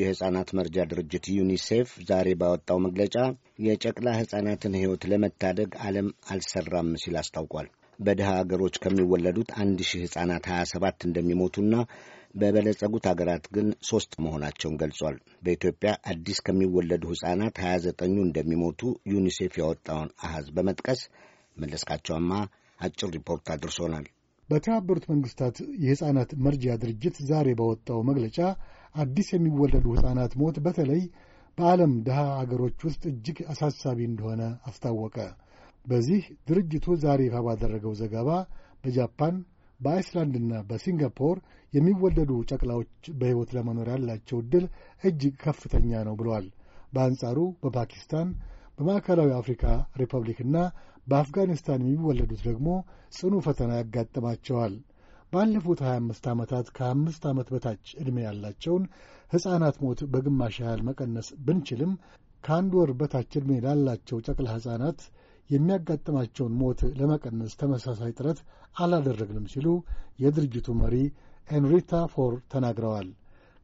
የሕፃናት መርጃ ድርጅት ዩኒሴፍ ዛሬ ባወጣው መግለጫ የጨቅላ ሕፃናትን ሕይወት ለመታደግ ዓለም አልሰራም ሲል አስታውቋል። በድሃ አገሮች ከሚወለዱት አንድ ሺህ ሕፃናት ሰባት እንደሚሞቱና በበለጸጉት አገራት ግን ሦስት መሆናቸውን ገልጿል። በኢትዮጵያ አዲስ ከሚወለዱ ሕፃናት 29ኙ እንደሚሞቱ ዩኒሴፍ ያወጣውን አሃዝ በመጥቀስ መለስካቸውማ አጭር ሪፖርት አድርሶናል። በተባበሩት መንግስታት የሕፃናት መርጃ ድርጅት ዛሬ ባወጣው መግለጫ አዲስ የሚወለዱ ሕፃናት ሞት በተለይ በዓለም ድሃ አገሮች ውስጥ እጅግ አሳሳቢ እንደሆነ አስታወቀ። በዚህ ድርጅቱ ዛሬ ይፋ ባደረገው ዘገባ በጃፓን በአይስላንድና በሲንጋፖር የሚወለዱ ጨቅላዎች በሕይወት ለመኖር ያላቸው ዕድል እጅግ ከፍተኛ ነው ብለዋል። በአንጻሩ በፓኪስታን በማዕከላዊ አፍሪካ ሪፐብሊክና በአፍጋኒስታን የሚወለዱት ደግሞ ጽኑ ፈተና ያጋጥማቸዋል። ባለፉት 25 ዓመታት ከአምስት ዓመት በታች ዕድሜ ያላቸውን ሕፃናት ሞት በግማሽ ያህል መቀነስ ብንችልም ከአንድ ወር በታች ዕድሜ ላላቸው ጨቅላ ሕፃናት የሚያጋጥማቸውን ሞት ለመቀነስ ተመሳሳይ ጥረት አላደረግንም ሲሉ የድርጅቱ መሪ ኤንሪታ ፎር ተናግረዋል።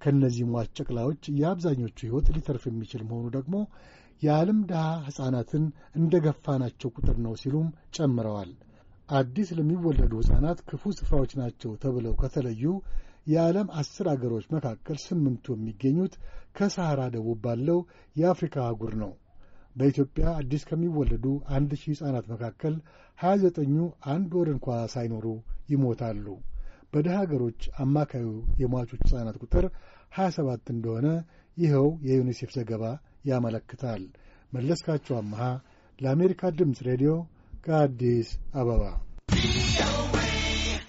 ከእነዚህ ሟች ጨቅላዎች የአብዛኞቹ ሕይወት ሊተርፍ የሚችል መሆኑ ደግሞ የዓለም ድሃ ሕፃናትን እንደ ገፋናቸው ቁጥር ነው ሲሉም ጨምረዋል። አዲስ ለሚወለዱ ሕፃናት ክፉ ስፍራዎች ናቸው ተብለው ከተለዩ የዓለም አስር አገሮች መካከል ስምንቱ የሚገኙት ከሰሐራ ደቡብ ባለው የአፍሪካ አህጉር ነው። በኢትዮጵያ አዲስ ከሚወለዱ አንድ ሺህ ሕፃናት መካከል ሀያ ዘጠኙ አንድ ወር እንኳ ሳይኖሩ ይሞታሉ። በድሃ አገሮች አማካዩ የሟቾች ሕፃናት ቁጥር ሀያ ሰባት እንደሆነ ይኸው የዩኒሴፍ ዘገባ ያመለክታል። መለስካቸው አመሃ ለአሜሪካ ድምፅ ሬዲዮ ከአዲስ አበባ